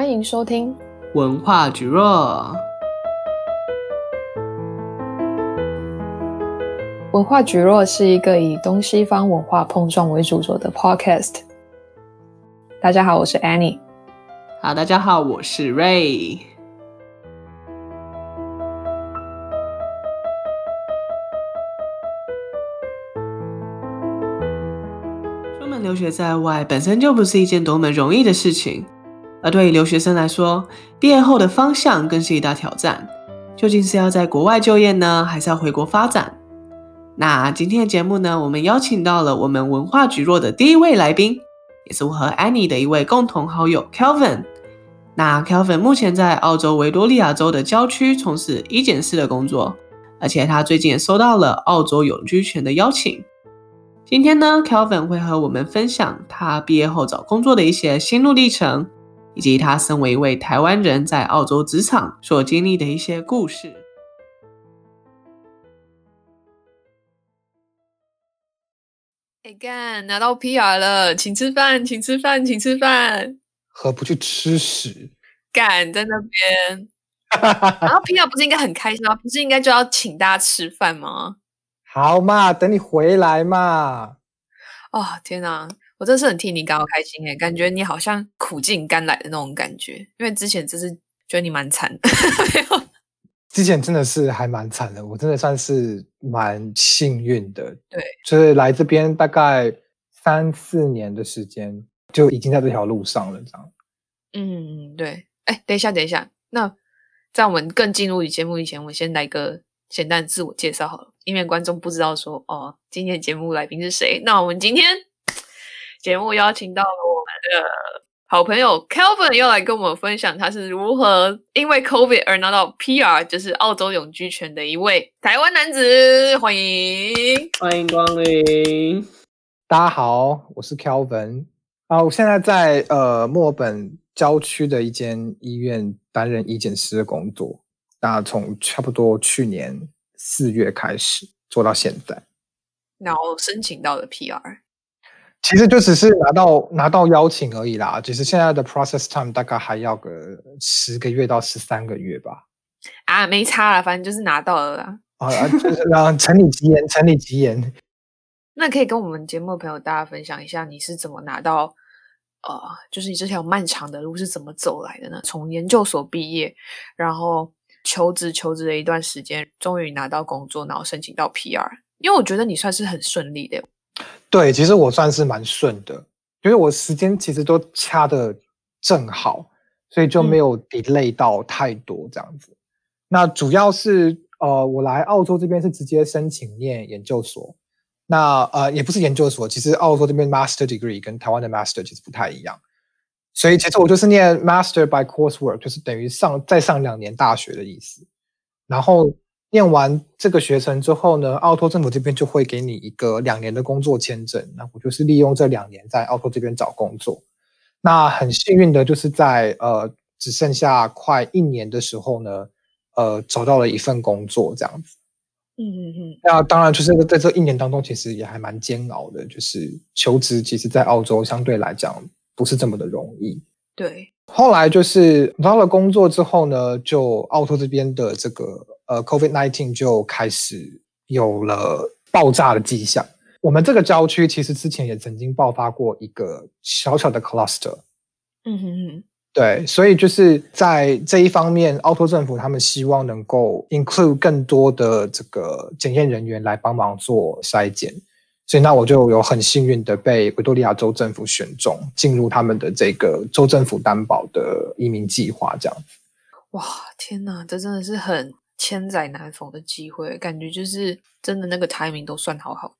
歡迎收聽《文化啫喱》。《文化啫喱》是一個以東西方文化碰撞為主軸的 Podcast。大家好，我是 Annie。好，大家好，我是 Ray。出門留學在外，本身就不是一件多麼容易的事情。而對於留學生來說，畢業後的方向更是一大挑戰，究竟是要在國外就業呢，還是要回國發展？那今天的節目呢，我們邀請到了我們文化聚落的第一位來賓，也是我和 Annie 的一位共同好友 Calvin。那 Calvin 目前在澳洲維多利亞州的郊區從事醫檢師的工作，而且他最近也收到了澳洲永居權的邀請。今天呢，Calvin 會和我們分享他畢業後找工作的一些心路歷程。以及他身為一位台灣人在澳洲職場所經歷的一些故事。哎、欸、幹，拿到 PR 了，請吃飯，請吃飯，請吃飯。何不去吃屎？幹，在那邊， 然後 PR 不是應該很開心嗎？不是應該就要請大家吃飯嗎？好嘛，等你回來嘛。哦天哪！我真是很替你感到開心誒，感覺你好像苦盡甘來的那種感覺，因為之前真是覺得你蠻慘的。 沒有，之前真的是還蠻慘的，我真的算是蠻幸運的。對，就是來這邊大概三四年的時間，就已經在這條路上了，這樣。嗯，對。哎，等一下，等一下，那在我們更進入你節目以前，我先來一個簡單的自我介紹好了，以免觀眾不知道說哦，今天的節目來賓是誰。那我們今天，節目邀請到了我們的好朋友 Calvin，又來跟我們分享他是如何因為 COVID 而拿到 PR，就是澳洲永居權的一位台灣男子。歡迎，歡迎光臨。大家好，我是 Calvin，啊，我現在在呃墨爾本郊區的一間醫院擔任醫檢師的工作，那從差不多去年四月開始做到現在。然後申請到了 PR。其實就只是拿到拿到邀請而已啦。只是現在的 process time 大概還要個十個月到十三個月吧。啊，沒差了，反正就是拿到了啦。啊，就是啊，承你吉言，承你吉言。那可以跟我們節目的朋友大家分享一下，你是怎麼拿到？呃，就是你這條漫長的路是怎麼走來的呢？從研究所畢業，然後求職求職的一段時間，終於拿到工作，然後申請到 PR。因為我覺得你算是很順利的。對，其實我算是蠻順的，因為我時間其實都掐得正好，所以就沒有 delay 到太多這樣子。嗯、那主要是呃，我來澳洲這邊是直接申請念研究所，那呃也不是研究所，其實澳洲這邊 Master Degree 跟台灣的 Master 其實不太一樣，所以其實我就是念 Master by coursework，就是等於上再上兩年大學的意思，然後。念完這個學程之後呢，澳洲政府這邊就會給你一個兩年的工作簽證。那我就是利用這兩年在澳洲這邊找工作。那很幸運的就是在呃只剩下快一年的時候呢，呃找到了一份工作，這樣子。嗯嗯嗯。那當然就是在這一年當中，其實也還蠻煎熬的，就是求職，其實在澳洲相對來講不是這麼的容易。對。後來就是找到了工作之後呢，就澳洲這邊的這個。呃，COVID-19 就開始有了爆炸的跡象。我們這個郊區其實之前也曾經爆發過一個小小的 cluster。嗯哼，哼，對，所以就是在這一方面，澳洲政府他們希望能夠 include 更多的這個檢驗人員來幫忙做篩檢。所以那我就有很幸運的被維多利亞州政府選中，進入他們的這個州政府擔保的移民計劃。這樣哇，天哪，這真的是很千載難逢的機會，感覺就是真的，那個 timing 都算好好。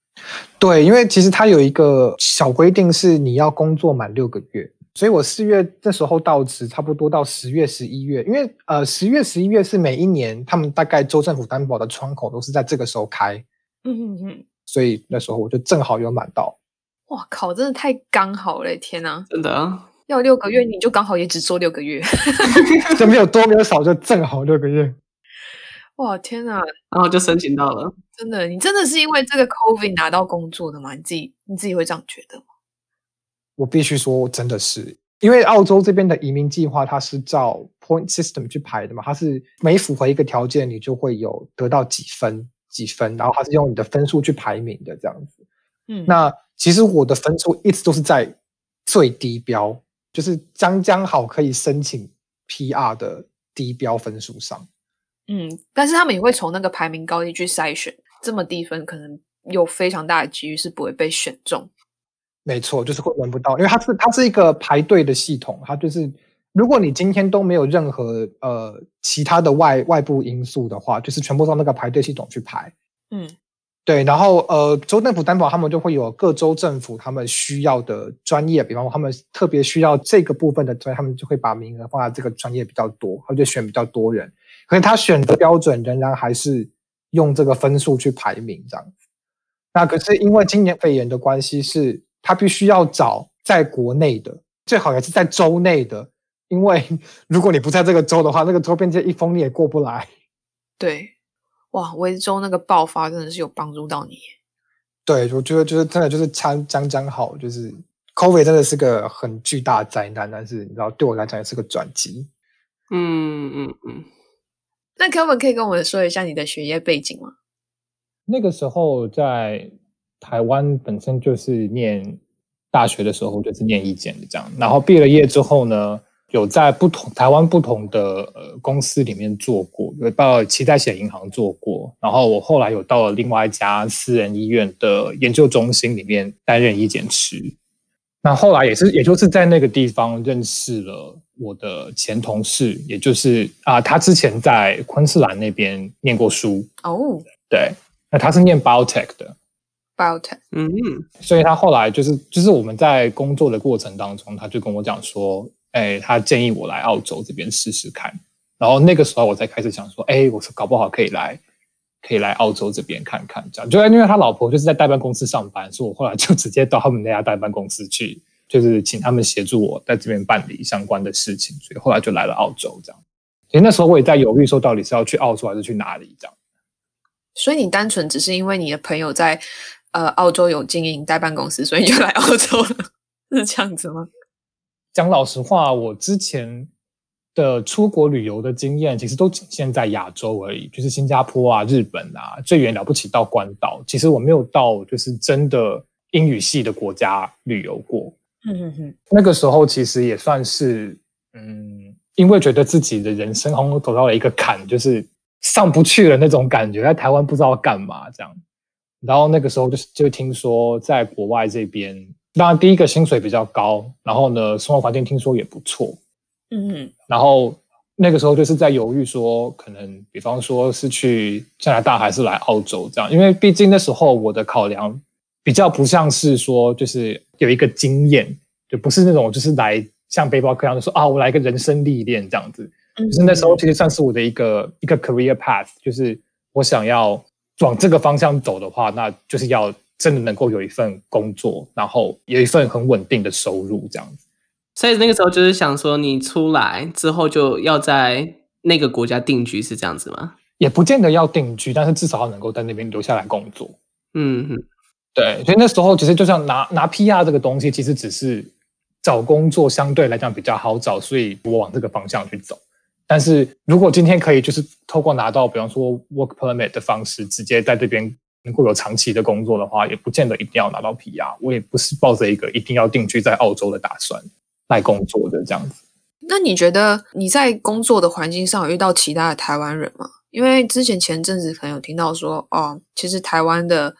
對，因為其實它有一個小規定是你要工作滿六個月，所以我四月這時候到職，差不多到十月、十一月，因為呃，十月、十一月是每一年他們大概州政府擔保的窗口都是在這個時候開。嗯嗯嗯。所以那時候我就正好有滿到。哇靠！真的太剛好嘞！天哪，真的、啊。要六個月，你就剛好也只做六個月， 就沒有多沒有少，就正好六個月。哇天哪！然後就申請到了。啊，真的？你真的是因為這個 COVID 拿到工作的嗎？你自己你自己會這樣覺得嗎？我必須說，我真的是因為澳洲這邊的移民計劃，它是照 Point System 去排的嘛，它是每符合一個條件，你就會有得到幾分幾分，然後它是用你的分數去排名的這樣子。嗯，那其實我的分數一直都是在最低標，就是將將好可以申請 PR 的低標分數上。嗯，但是他們也會從那個排名高低去篩選，這麼低分可能有非常大的幾率是不會被選中。沒錯，就是會聞不到，因為它是它是一個排隊的系統，它就是如果你今天都沒有任何呃其他的外外部因素的話，就是全部到那個排隊系統去排。嗯，對，然後呃，州政府擔保他們就會有各州政府他們需要的專業，比方說他們特別需要這個部分的專業，他們就會把名額放在這個專業比較多，他就選比較多人。可是他選擇的標準仍然還是用這個分數去排名這樣。那可是因為今年肺炎的關係，是他必須要找在國內的，最好也是在州內的。因為如果你不在這個州的話，那個州邊界一封你也過不來。對，哇，維州那個爆發真的是有幫助到你。對，我覺得就是真的就是差將將好，就是 COVID 真的是個很巨大的災難，但是你知道對我來講也是個轉機。嗯嗯嗯。嗯那 Calvin 可以跟我們說一下你的學業背景嗎？那個時候在台灣本身就是念大學的時候就是念醫檢的這樣，然後畢了業之後呢，有在不同台灣不同的呃公司裡面做過，有到臍帶血銀行做過，然後我後來有到了另外一家私人醫院的研究中心裡面擔任醫檢師，那後，後來也是也就是在那個地方認識了。我的前同事，也就是啊、呃，他之前在昆士蘭那邊唸過書哦。Oh. 對，那他是念 Biotech 的。Biotech，嗯，所以他後來就是就是我們在工作的過程當中，他就跟我講說，哎、欸，他建議我來澳洲這邊試試看。然後那個時候我才開始想說，哎、欸，我搞不好可以來，可以來澳洲這邊看看這樣。就因為他老婆就是在代辦公司上班，所以我後來就直接到他們那家代辦公司去。就是請他們協助我在這邊辦理相關的事情，所以後來就來了澳洲這樣。所以那時候我也在猶豫，說到底是要去澳洲還是去哪裡這樣。所以你單純只是因為你的朋友在呃澳洲有經營代辦公司，所以就來澳洲了， 是這樣子嗎？講老實話，我之前的出國旅遊的經驗其實都僅限在亞洲而已，就是新加坡啊、日本啊，最遠了不起到關島。其實我沒有到，就是真的英語系的國家旅遊過。嗯嗯嗯，那個時候其實也算是，嗯，因為覺得自己的人生好像走到了一個坎，就是上不去的那種感覺，在台灣不知道幹嘛這樣。然後那個時候就是、就聽說在國外這邊，當然第一個薪水比較高，然後呢，生活環境聽說也不錯，嗯。 然後那個時候就是在猶豫說，可能比方說是去加拿大還是來澳洲這樣，因為畢竟那時候我的考量。比較不像是說，就是有一個經驗，就不是那種就是來像背包客一樣，的說啊，我來一個人生歷練這樣子。嗯，就是那時候其實算是我的一個一個 career path，就是我想要往這個方向走的話，那就是要真的能夠有一份工作，然後有一份很穩定的收入這樣子。所以那個時候就是想說，你出來之後就要在那個國家定居是這樣子嗎？也不見得要定居，但是至少要能夠在那邊留下來工作。嗯嗯。對，所以那時候其實就像拿拿 PR 這個東西，其實只是找工作相對來講比較好找，所以我往這個方向去走。但是如果今天可以就是透過拿到比方說 work permit 的方式，直接在這邊能夠有長期的工作的話，也不見得一定要拿到 PR。我也不是抱着一個一定要定居在澳洲的打算來工作的這樣子。那你覺得你在工作的環境上有遇到其他的台灣人嗎？因為之前前陣子可能有聽到說，哦，其實台灣的。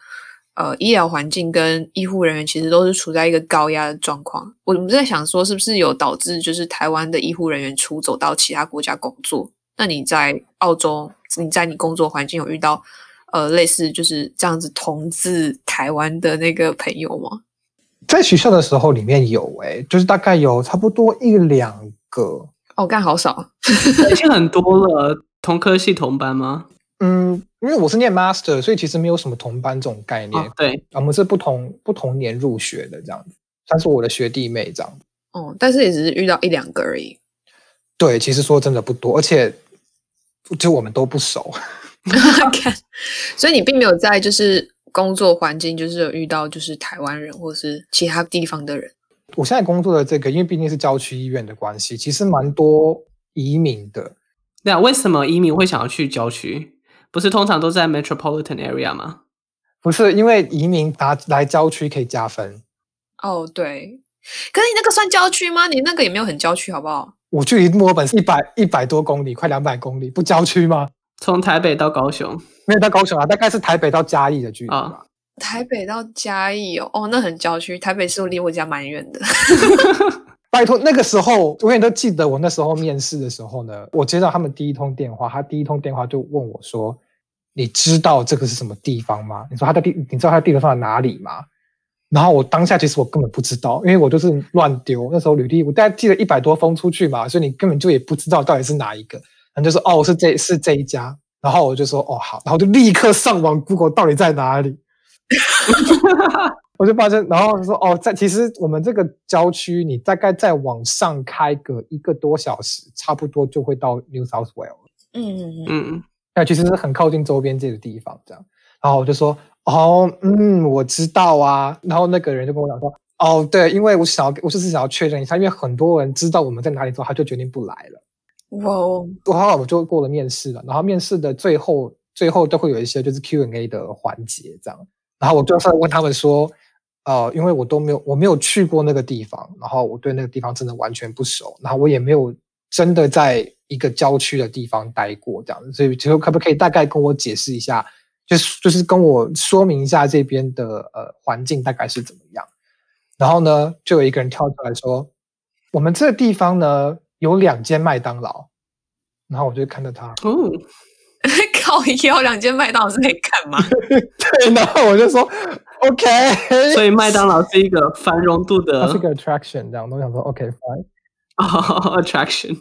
呃，醫療環境跟醫護人員其實都是處在一個高壓的狀況。我我在想說，是不是有導致就是台灣的醫護人員出走到其他國家工作？那你在澳洲，你在你工作環境有遇到呃類似就是這樣子同治台灣的那個朋友嗎？在學校的時候裡面有誒、欸、就是大概有差不多一兩個。哦，幹，好少 已經很多了，同科系同班嗎？嗯。因為我是念 master，所以其實沒有什麼同班這種概念。啊、對，我、啊、們是不同不同年入學的這樣子，算是我的學弟妹這樣哦，但是也只是遇到一兩個而已。對，其實說真的不多，而且就我們都不熟。 所以你並沒有在就是工作環境就是有遇到就是台灣人或是其他地方的人。我現在工作的這個，因為畢竟是郊區醫院的關係，其實蠻多移民的。那、啊、為什麼移民會想要去郊區？不是通常都是在 metropolitan area 嗎？不是，因為移民拿來郊區可以加分。哦，oh，對。可是你那個算郊區嗎？你那個也沒有很郊區，好不好？我距離墨爾本一百一百多公里，快兩百公里，不郊區嗎？從台北到高雄？沒有到高雄啊，大概是台北到嘉義的距離吧。oh. 台北到嘉義哦，oh, 那很郊區。台北是離我家蠻遠的。 拜託，那個時候我永遠都記得，我那時候面試的時候呢，我接到他們第一通電話，他第一通電話就問我說：“你知道這個是什麼地方嗎？”你說他的地，你知道他的地方放在哪裡嗎？然後我當下其實我根本不知道，因為我就是亂丟，那時候履歷我大概寄了一百多封出去嘛，所以你根本就也不知道到底是哪一個。然後就說：“哦，是這是這一家。”然後我就說：“哦，好。”然後就立刻上網 Google 到底在哪裡。 我就發現，然後說哦，在其實我們這個郊區，你大概再往上開個一個多小時，差不多就會到 New South Wales。嗯嗯嗯嗯嗯，那其實是很靠近週邊這個地方，這樣。然後我就說哦，嗯，我知道啊。然後那個人就跟我講說哦，對，因為我想要，我就是想要確認一下，因為很多人知道我們在哪裡做，他就決定不來了。哇哦，然後我就過了面試了。然後面試的最後，最後都會有一些就是 Q and A 的環節這樣。然後我就算問他們說，啊、呃，因為我都沒有，我沒有去過那個地方，然後我對那個地方真的完全不熟，然後我也沒有真的在一個郊區的地方待過這樣子，所以就可不可以大概跟我解釋一下，就是就是跟我說明一下這邊的呃環境大概是怎麼樣？然後呢，就有一個人跳出來說，我們這地方呢有兩間麥當勞，然後我就看到他哦，靠腰，有兩間麥當勞是可以幹嘛？ 對，然後我就說。OK， 所以麥當勞是一個繁榮度的， 是一個 attraction，這樣我都想說 OK fine attraction，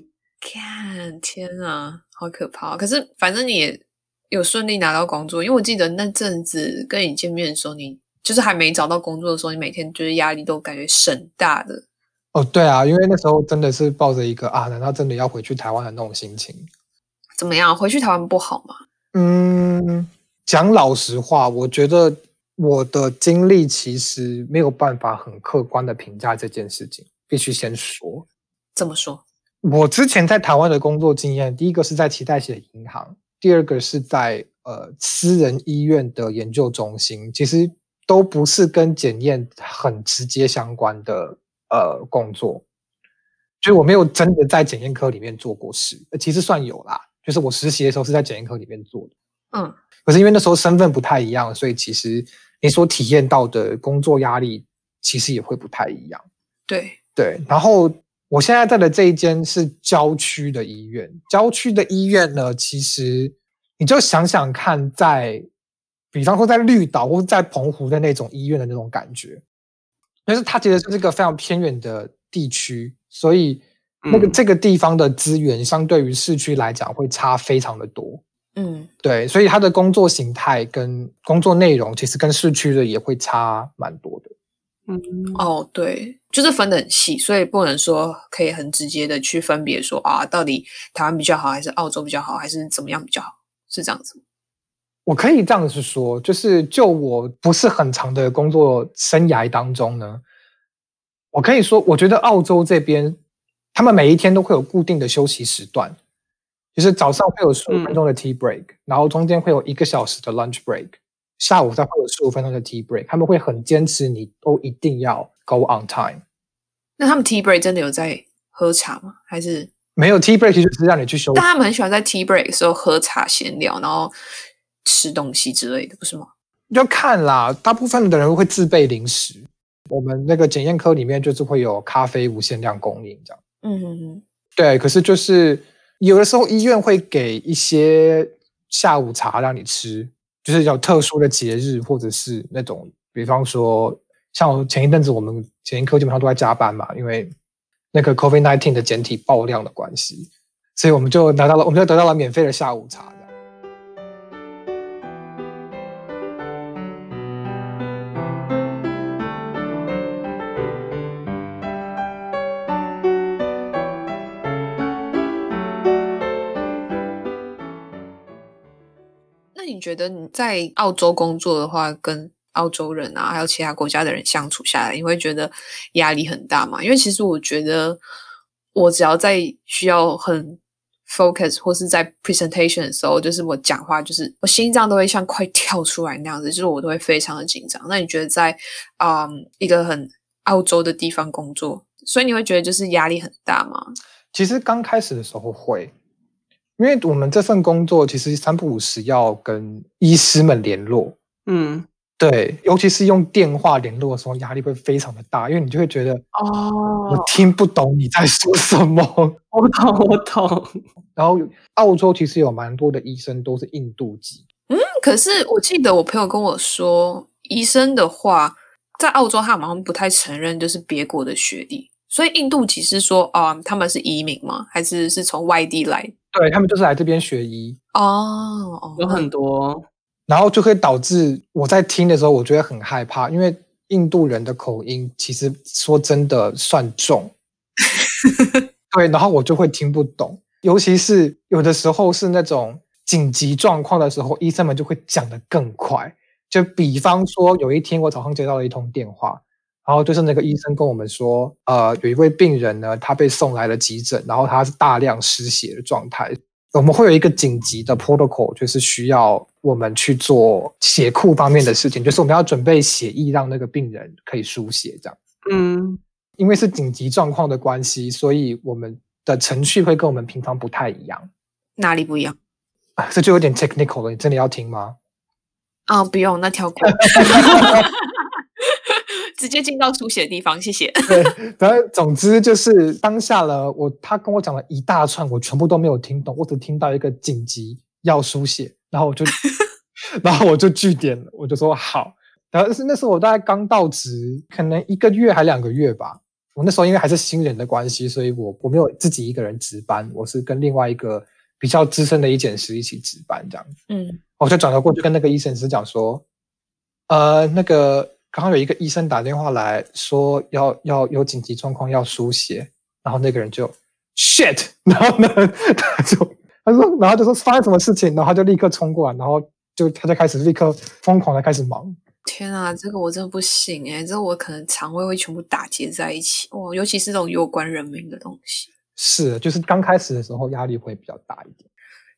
天啊，好可怕！可是反正你也有順利拿到工作，因為我記得那陣子跟你見面的時候，你就是還沒找到工作的時候，你每天就是壓力都感覺很大的。哦、oh，對啊，因為那時候真的是抱着一個啊，難道真的要回去台灣的那種心情。怎麼樣？回去台灣不好嗎？嗯，講老實話，我覺得。我的經歷其實沒有辦法很客觀的評價這件事情，必須先說。怎麼說？我之前在台灣的工作經驗，第一個是在臍帶血銀行，第二個是在呃私人醫院的研究中心，其實都不是跟檢驗很直接相關的呃工作，所以我沒有真的在檢驗科裡面做過事、呃。其實算有啦，就是我實習的時候是在檢驗科裡面做的，嗯，可是因為那時候身份不太一樣，所以其實。你所體驗到的工作壓力其實也會不太一樣，對，對對。然後我現在在的這一間是郊區的醫院，郊區的醫院呢，其實你就想想看在，在比方說在綠島或是在澎湖的那種醫院的那種感覺，但是它其實是這個非常偏遠的地區，所以那個這個地方的資源相對於市區來講會差非常的多。嗯。嗯，對，所以他的工作形態跟工作內容其實跟市區的也會差蠻多的。嗯，哦、oh，對，就是分得很細，所以不能說可以很直接的去分別說，啊，到底台灣比較好，還是澳洲比較好，還是怎麼樣比較好？是這樣子嗎？我可以這樣子說，就是就我不是很長的工作生涯當中呢，我可以說，我覺得澳洲這邊他們每一天都會有固定的休息時段。其實早上會有十五分鐘的 tea break，嗯、然後中間會有一個小時的 lunch break，下午再會有十五分鐘的 tea break。他們會很堅持，你都一定要 go on time。那他們 tea break 真的有在喝茶嗎？還是沒有 tea break 就是讓你去休息？但他們很喜歡在 tea break 的時候喝茶閒聊，然後吃東西之類的，不是嗎？要看啦，大部分的人會自備零食。我們那個檢驗科裡面就是會有咖啡無限量供應，這樣。嗯嗯嗯，對，可是就是。有的時候醫院會給一些下午茶讓你吃，就是有特殊的節日或者是那種，比方說像前一陣子我們檢驗科基本上都在加班嘛，因為那個 COVID-19 的檢體爆量的關係，所以我們就拿到了，我們就得到了免費的下午茶。你覺得你在澳洲工作的話，跟澳洲人啊，還有其他國家的人相處下來，你會覺得壓力很大嗎？因為其實我覺得，我只要在需要很 focus 或是在 presentation 的時候，就是我講話，就是我心臟都會像快跳出來那樣子，就是我都會非常的緊張。那你覺得在，嗯，一個很澳洲的地方工作，所以你會覺得就是壓力很大嗎？其實剛開始的時候會。因為我們這份工作其實三不五時要跟醫師們聯絡，嗯，對，尤其是用電話聯絡的時候，壓力會非常的大，因為你就會覺得哦，我聽不懂你在說什麼，我懂，我懂。然後澳洲其實有蠻多的醫生都是印度籍，嗯，可是我記得我朋友跟我說，醫生的話在澳洲他們好像不太承認就是別國的學歷，所以印度籍是說啊、嗯，他們是移民嗎？還是是從外地來？對，他們就是來這邊學醫哦，有很多，然後就會導致我在聽的時候，我覺得很害怕，因為印度人的口音其實說真的算重， 對，然後我就會聽不懂，尤其是有的時候是那種緊急狀況的時候，醫生們就會講得更快，就比方說有一天我早上接到了一通電話。然後就是那個醫生跟我們說，呃，有一位病人呢，他被送來了急診，然後他是大量失血的狀態。我們會有一個緊急的 protocol，就是需要我們去做血庫方面的事情，就是我們要準備血液讓那個病人可以輸血這樣。嗯，因為是緊急狀況的關係，所以我們的程序會跟我們平常不太一樣。哪裡不一樣？這就有點 technical 了，你真的要聽嗎？啊，不用，那跳過。 直接進到輸血的地方，謝謝。對，然後總之就是當下了，我他跟我講了一大串，我全部都沒有聽懂，我只聽到一個緊急要輸血，然後我就， 然後我就句點了，我就說好。然後是那時候我大概剛到職，可能一個月還兩個月吧。我那時候因為還是新人的關係，所以我我沒有自己一個人值班，我是跟另外一個比較資深的醫檢師一起值班這樣子。嗯，我就轉頭過去跟那個醫檢師講說，呃，那個。剛剛有一個醫生打電話來說要要有緊急狀況要輸血，然後那個人就 shit，然後呢他就他說然後就說發生什麼事情，然後他就立刻衝過來，然後就他就開始立刻瘋狂的開始忙。天啊，這個我真的不行哎、欸，這我可能腸胃會，會全部打結在一起哦，尤其是這種有關人命的東西。是，就是剛開始的時候壓力會比較大一點。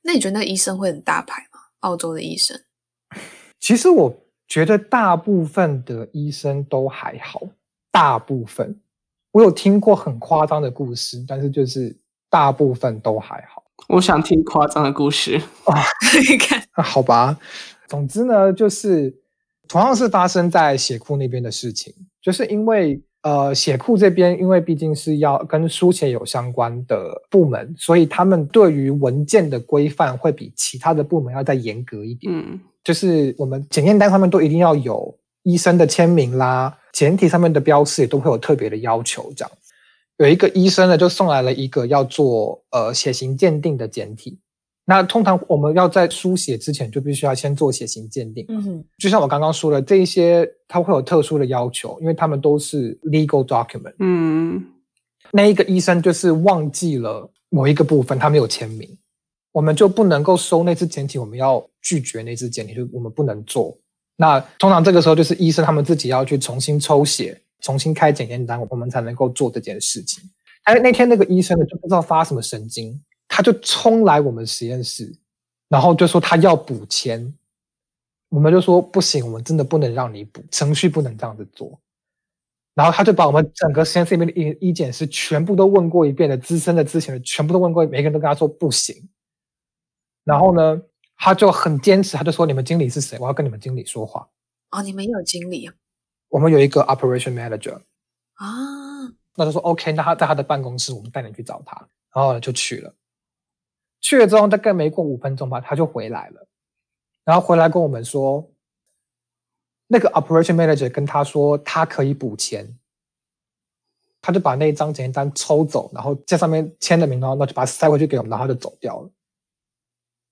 那你覺得那個醫生會很大牌嗎？澳洲的醫生？其實我。覺得大部分的醫生都還好，大部分我有聽過很誇張的故事，但是就是大部分都還好。我想聽誇張的故事看，哦、 好吧。總之呢，就是同樣是發生在血庫那邊的事情，就是因為呃，血庫這邊因為畢竟是要跟輸血有相關的部門，所以他們對於文件的規範會比其他的部門要再嚴格一點。嗯。就是我們檢驗單上面都一定要有醫生的簽名啦，檢體上面的標識也都會有特別的要求。這樣有一個醫生呢，就送來了一個要做呃血型鑑定的檢體。那通常我們要在輸血之前就必須要先做血型鑑定。嗯哼，就像我剛剛說的，這一些他會有特殊的要求，因為他們都是 legal document。嗯，那一個醫生就是忘記了某一個部分，他沒有簽名。我們就不能夠收那次檢體，我們要拒絕那次檢體，就我們不能做。那通常這個時候就是醫生他們自己要去重新抽血，重新開檢驗單，我們才能夠做這件事情。但那天那個醫生呢，就不知道發什麼神經，他就衝來我們實驗室，然後就說他要補簽。我們就說不行，我們真的不能讓你補，程序不能這樣子做。然後他就把我們整個實驗室裡面的醫、醫檢師全部都問過一遍的資深的諮詢的全部都問過，每一個人都跟他說不行。然後呢，他就很堅持，他就說：“你們經理是誰？我要跟你們經理說話。”哦，你們有經理啊、哦？我們有一個 operation manager 啊、哦。那他說 OK，那他在他的辦公室，我們帶你去找他。然後呢就去了，去了之後大概沒過五分鐘吧，他就回來了，然後回來跟我們說，那個 operation manager 跟他說他可以補錢，他就把那張檢驗單抽走，然後在上面簽了名，然後就把它塞回去給我們，然後他就走掉了。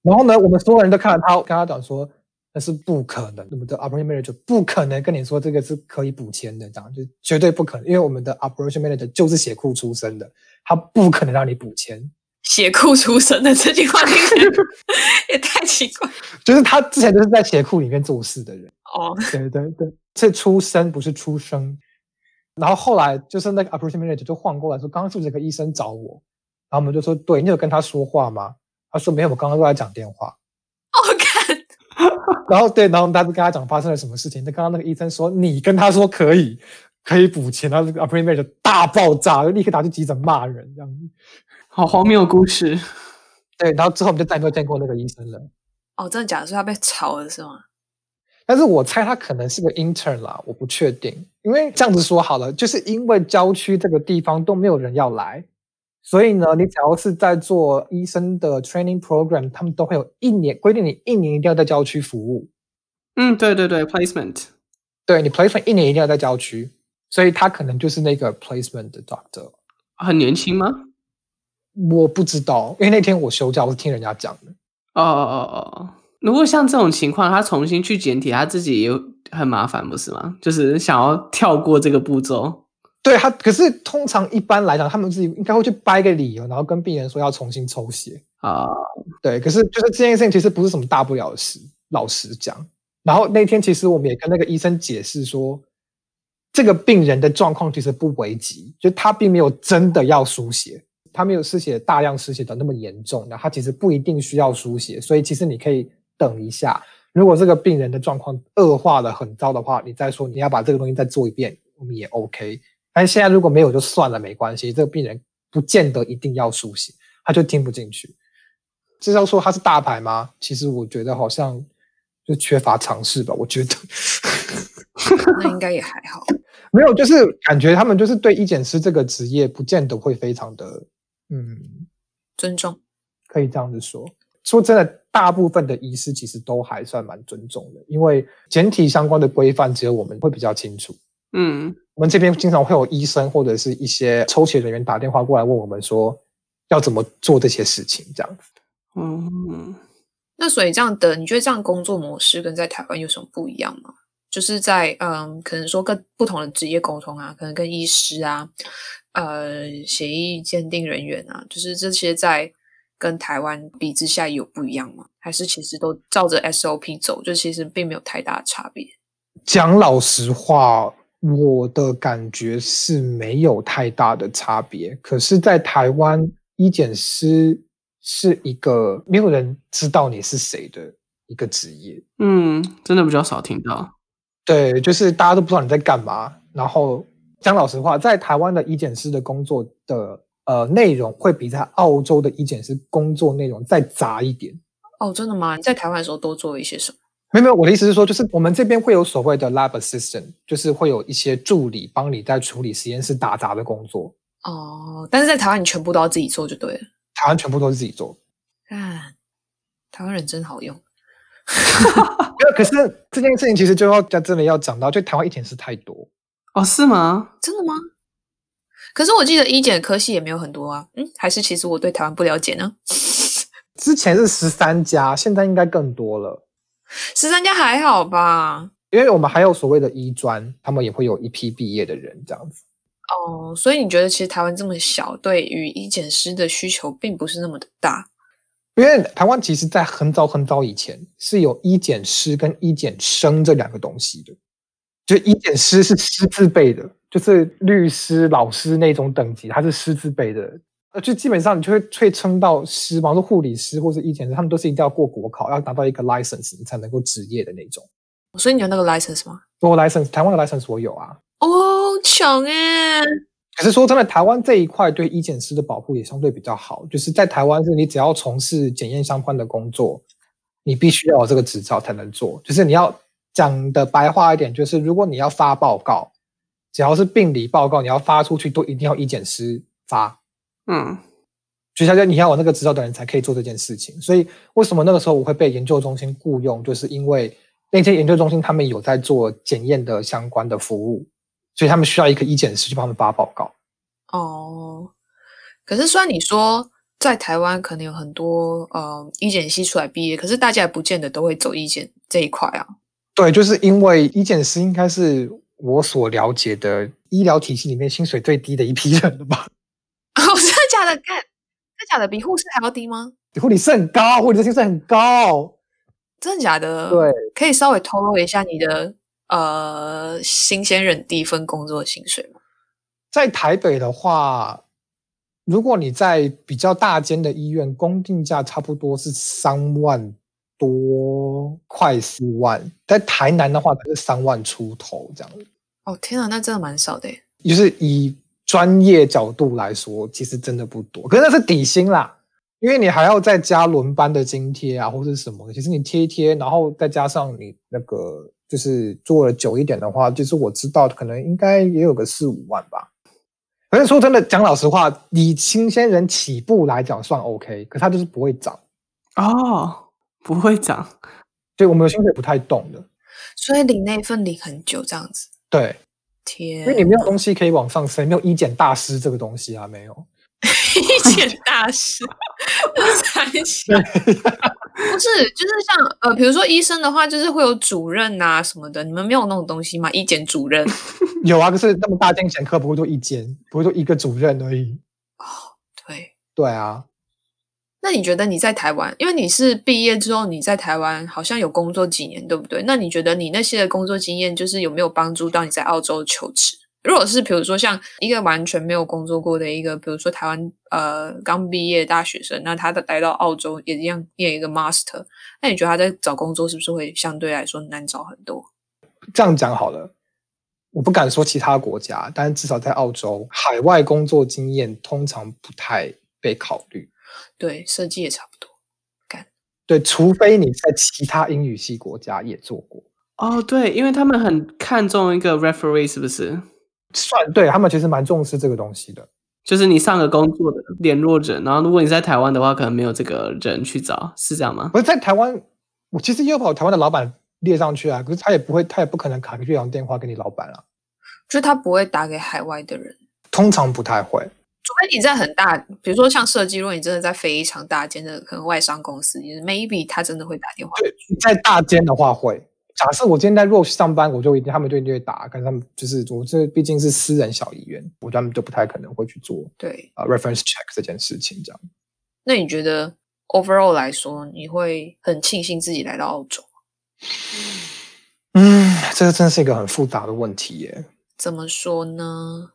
然後呢，我們所有人都看到他，跟他講說那是不可能。我們的 operations manager 不可能跟你說這個是可以補簽的，這樣就絕對不可能，因為我們的 operations manager 就是血庫出身的，他不可能讓你補簽。血庫出身的這句話 也太奇怪，就是他之前就是在血庫裡面做事的人。哦、oh.，對對對，是出身不是出生。然後後來就是那個 operations manager 就晃過來說，說剛剛是不是一個醫生找我？然後我們就說，對，你有跟他說話嗎？他說：“沒有，我剛剛都在講電話 o 看。Oh, 然後對，然後他就跟他講發生了什麼事情。那剛剛那個醫生說：“你跟他說可以，可以補錢。”然後這個 appointment 就大爆炸，就立刻打去急診罵人，這樣子，好荒謬的故事。對，然後之後我們就再沒有見過那個醫生了。哦、oh,，真的假的？所以他被炒了是嗎？但是我猜他可能是個 intern 啦，我不確定。因為這樣子說好了，就是因為郊區這個地方都沒有人要來。所以呢，你只要是在做醫生的 training program，他們都會有一年規定，你一年一定要在郊區服務。嗯，對對對，placement，對，你 placement 一年一定要在郊區，所以他可能就是那個 placement 的 doctor。很年輕嗎？我不知道，因為那天我休假，我是聽人家講的。哦哦哦哦，如果像這種情況，他重新去檢體，他自己也很麻煩，不是嗎？就是想要跳過這個步驟。對他，可是通常一般來講，他們自己應該會去掰個理由，然後跟病人說要重新抽血啊。對，可是就是這件事情其實不是什麼大不了的事，老實講。然後那天其實我們也跟那個醫生解釋說，這個病人的狀況其實不危急，就他並沒有真的要輸血，他沒有失血大量失血的那麼嚴重，然後他其實不一定需要輸血，所以其實你可以等一下。如果這個病人的狀況惡化得很糟的話，你再說你要把這個東西再做一遍，我、嗯、們也 OK。但現在如果沒有就算了，沒關係。這個病人不見得一定要輸血，他就聽不進去。至少說他是大牌嗎？其實我覺得好像就缺乏嘗試吧。我覺得、 嗯、那應該也還好， 沒有，就是感覺他們就是對醫檢師這個職業不見得會非常的嗯尊重，可以這樣子說。說真的，大部分的醫師其實都還算蠻尊重的，因為檢體相關的規範只有我們會比較清楚。嗯，我們這邊經常會有醫生或者是一些抽血人員打電話過來問我們說要怎麼做這些事情這樣子。嗯，那所以這樣的你覺得這樣的工作模式跟在台灣有什麼不一樣嗎？就是在嗯、呃，可能說跟不同的職業溝通啊，可能跟醫師啊、呃，協議鑒定人員啊，就是這些在跟台灣比之下有不一樣嗎？還是其實都照着 SOP 走，就其實並沒有太大的差別？講老實話。我的感覺是沒有太大的差別，可是，在台灣，醫檢師是一個沒有人知道你是誰的一個職業。嗯，真的比較少聽到。對，就是大家都不知道你在幹嘛。然後，講老實話，在台灣的醫檢師的工作的呃內容，會比在澳洲的醫檢師工作內容再雜一點。哦，真的嗎？你在台灣的時候都做一些什麼？沒有沒有，我的意思是說，就是我們這邊會有所謂的 lab assistant，就是會有一些助理幫你在處理實驗室打雜的工作。哦，但是在台灣你全部都要自己做就對了。台灣全部都是自己做。啊，台灣人真好用。 沒有，可是這件事情其實就要在這裡要講到，就台灣醫檢是太多哦。是嗎？真的嗎？可是我記得醫檢的科系也沒有很多啊。嗯，還是其實我對台灣不了解呢？之前是十三家，現在應該更多了。十三家還好吧，因為我們還有所謂的醫專，他們也會有一批畢業的人這樣子。哦，所以你覺得其實台灣這麼小，對於醫檢師的需求並不是那麼的大？因為台灣其實在很早很早以前是有醫檢師跟醫檢生這兩個東西的，就醫檢師是師字輩的，就是律師、老師那種等級，他是師字輩的。呃，就基本上你就會會稱到師，比方說護理師或是醫檢師，他們都是一定要過國考，要達到一個 license，你才能夠執業的那種。哦，所以你有那個 license 嗎？我 license，台灣的 license 我有啊。哦，好強哎！可是說真的，台灣這一塊對醫檢師的保護也相對比較好，就是在台灣是，你只要從事檢驗相關的工作，你必須要有這個執照才能做。就是你要講的白話一點，就是如果你要發報告，只要是病理報告，你要發出去都一定要醫檢師發。嗯，就要求你要有那個執照的人才可以做這件事情，所以為什麼那個時候我會被研究中心雇傭，就是因為那些研究中心他們有在做檢驗的相關的服務，所以他們需要一個醫檢師去幫他們發報告。哦，可是雖然你說在台灣可能有很多呃醫檢師出來畢業，可是大家也不見得都會走醫檢這一塊啊！對，就是因為醫檢師應該是我所了解的醫療體系裡面薪水最低的一批人了吧。 真的？假的？比護士還要低嗎？護理是很高，護理的薪水很高。哦，真的假的？對，可以稍微透露一下你的呃，新鮮人第一份工作的薪水嗎？在台北的話，如果你在比較大間的醫院，公定價差不多是三萬多，快四萬。在台南的話，它是三萬出頭這樣。哦，天啊，那真的蠻少的。就是以專業角度來說，其實真的不多，可是那是底薪啦，因為你還要再加輪班的津貼啊，或是什麼的。其實你貼一貼，然後再加上你那個，就是做了久一點的話，就是我知道可能應該也有個四五萬吧。可是說真的，講老實話，以新鮮人起步來講算 OK，可它就是不會漲。哦，不會漲，對我們有些不太懂的，所以領那份領很久這樣子。對。天啊，因為你們沒有東西可以往上升，沒有醫檢大師這個東西啊，沒有。醫檢大師，不擔心。不是，就是像呃，比如說醫生的話，就是會有主任吶，啊、什麼的。你們沒有那種東西嗎？醫檢主任有啊，可是那麼大間檢科不會做醫檢， 不會做一個主任而已。哦、oh,，對，對啊。那你覺得你在台灣，因為你是畢業之後你在台灣好像有工作幾年，對不對？那你覺得你那些的工作經驗，就是有沒有幫助到你在澳洲求職？如果是比如說像一個完全沒有工作過的一個，比如說台灣呃剛畢業的大學生，那他來到澳洲也一樣念一個 master，那你覺得他在找工作是不是會相對來說難找很多？這樣講好了，我不敢說其他國家，但至少在澳洲，海外工作經驗通常不太被考慮。對，設計也差不多幹。對，除非你在其他英語系國家也做過哦。對，因為他們很看重一個 referee，是不是？算對，他們其實蠻重視這個東西的。就是你上個工作的聯絡者，然後如果你在台灣的話，可能沒有這個人去找，是這樣嗎？不是在台灣，我其實也有把台灣的老闆列上去啊。可是他也不會，他也不可能卡個越洋電話給你老闆啊。就是他不會打給海外的人，通常不太會。除非你在很大，比如說像設計，如果你真的在非常大間的，的可能外商公司，maybe 他真的會打電話對。在大間的話會，假設我今天在 Roche 上班，我就一定他們就一定會打。但他們就是我這畢竟是私人小醫院，我根本就不太可能會去做對啊、uh, reference check 這件事情這樣。那你覺得 overall 來說，你會很慶幸自己來到澳洲？嗯，這個真的是一個很複雜的問題耶。怎麼說呢？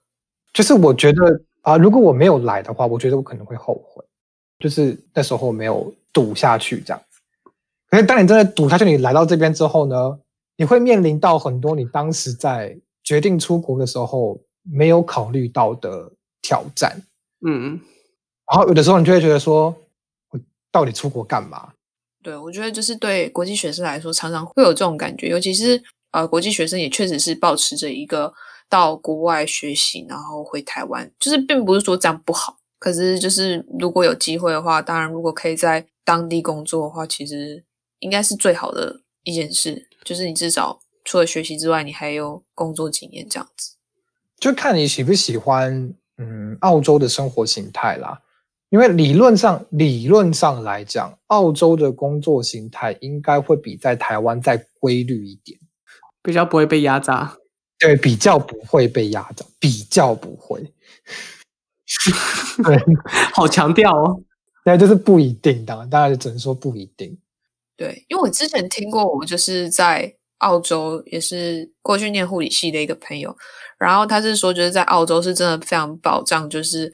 就是我覺得。啊，如果我沒有來的話，我覺得我可能會後悔，就是那時候沒有賭下去這樣子。可是當你真的賭下去，你來到這邊之後呢，你會面臨到很多你當時在決定出國的時候沒有考慮到的挑戰。嗯，然後有的時候你就會覺得說，我到底出國幹嘛？對，我覺得就是對國際學生來說，常常會有這種感覺，尤其是啊、呃，國際學生也確實是抱持着一個。到國外學習，然後回台灣，就是並不是說這樣不好。可是，就是如果有機會的話，當然，如果可以在當地工作的話，其實應該是最好的一件事，就是你至少除了學習之外，你還有工作經驗這樣子。就看你喜不喜歡，嗯，澳洲的生活形態啦。因為理論上，理論上來講，澳洲的工作形態應該會比在台灣再規律一點，比較不會被壓榨。對，比較不會被壓着，比較不會。對， 好強調哦，那就是不一定，當然，大家就只能說不一定。對，因為我之前聽過，我就是在澳洲也是過去念護理系的一個朋友，然後他是說，就是在澳洲是真的非常保障，就是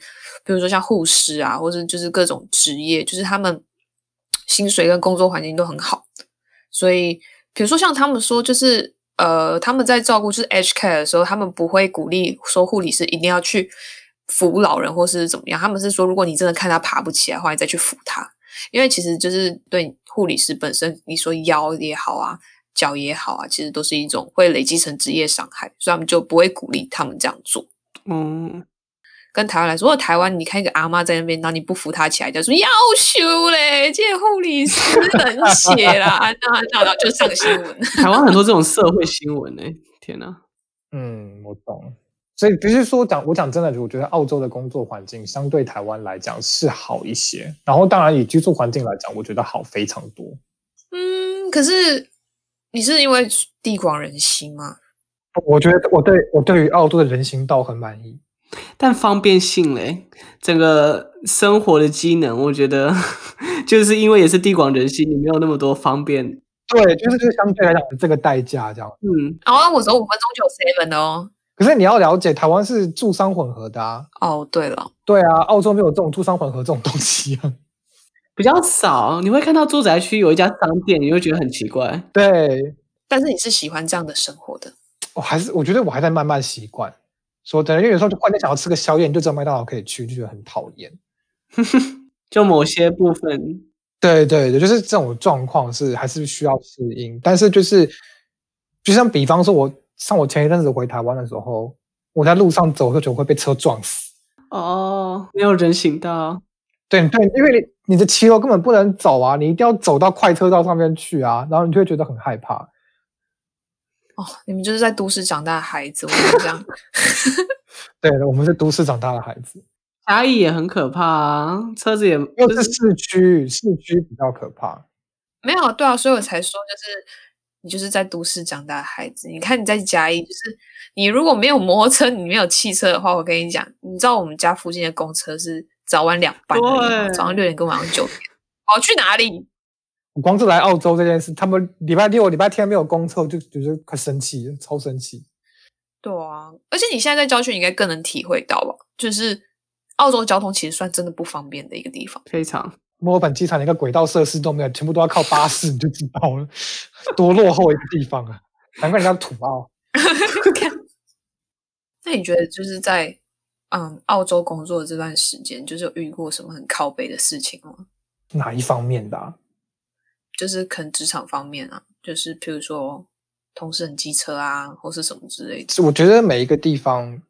比如說像護士啊，或者就是各種職業，就是他們薪水跟工作環境都很好，所以比如說像他們說，就是。呃，他們在照顧就是 aged care 的時候，他們不會鼓勵說護理師一定要去扶老人或是怎麼樣。他們是說，如果你真的看他爬不起來的話，你再去扶他。因為其實就是對護理師本身，你說腰也好啊，腳也好啊，其實都是一種會累積成職業傷害，所以他們就不會鼓勵他們這樣做。嗯。跟台灣來說，如果台灣，你看一個阿嬤在那邊，然後你不扶她起來，就說夭壽咧，這 護理師冷血啦，然 後就上新聞。 台灣很多這種社會新聞誒、欸，天哪，啊！嗯，我懂。所以不是說講我講真的，我覺得澳洲的工作環境相對台灣來講是好一些。然後當然以居住環境來講，我覺得好非常多。嗯，可是你是因為地廣人稀嗎？我覺得我對我對於澳洲的人行道很滿意。但方便性嘞，整個生活的機能，我覺得 就是因為也是地廣人稀，你沒有那麼多方便。對，就是就是相對來講這個代價這樣。嗯，好、哦、澳洲、啊、我走五分鐘就有 seven 的哦。可是你要了解，台灣是住商混合的啊。哦，對了。對啊，澳洲沒有這種住商混合這種東西啊，比較少。你會看到住宅區有一家商店，你會覺得很奇怪。對。但是你是喜歡這樣的生活的？我、哦、還是我覺得我還在慢慢習慣。說的，因為有時候就突然想要吃個宵夜，你就只有麥當勞可以去，就覺得很討厭。 就某些部分，對對對，就是這種狀況是還是需要適應。但是就是，就像比方說我，我像我前一陣子回台灣的時候，我在路上走的時候就會被車撞死。哦，沒有人行道。對對，因為你的騎樓根本不能走啊，你一定要走到快車道上面去啊，然後你就會覺得很害怕。哦、你們就是在都市長大的孩子，我是這樣。 對，我們是都市長大的孩子。嘉義也很可怕啊，車子也又是市區，就是，市區比較可怕。沒有，對啊，所以我才說，就是你就是在都市長大的孩子。你看你在嘉義，就是你如果沒有摩托車，你沒有汽車的話，我跟你講，你知道我們家附近的公車是早晚兩班的，早上六點跟晚上九點。哦，去哪裡？光是來澳洲這件事，他們禮拜六、禮拜天沒有公車，就覺得很生氣，超生氣。對啊，而且你現在在郊區，應該更能體會到吧？就是澳洲交通其實算真的不方便的一個地方。非常，墨爾本機場連個軌道設施都沒有，全部都要靠巴士， 你就知道了。多落後一個地方啊！ 難怪人家土澳。 Okay. 那你覺得就是在嗯澳洲工作的這段時間，就是有遇過什麼很靠北的事情嗎？哪一方面的啊？就是可能職場方面啊，就是譬如說同事很機車啊，或是什麼之類的。我覺得每一個地方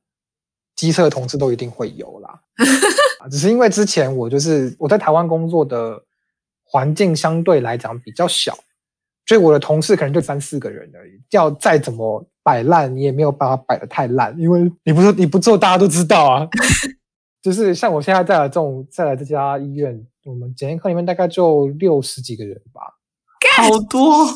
機車的同事都一定會有啦， 只是因為之前我就是我在台灣工作的環境相對來講比較小，所以我的同事可能就三四個人而已。要再怎麼擺爛，你也沒有辦法擺的太爛，因為你不說你不做，大家都知道啊。 就是像我現在在這種在這家醫院，我們檢驗科裡面大概就六十幾個人吧。God、好多！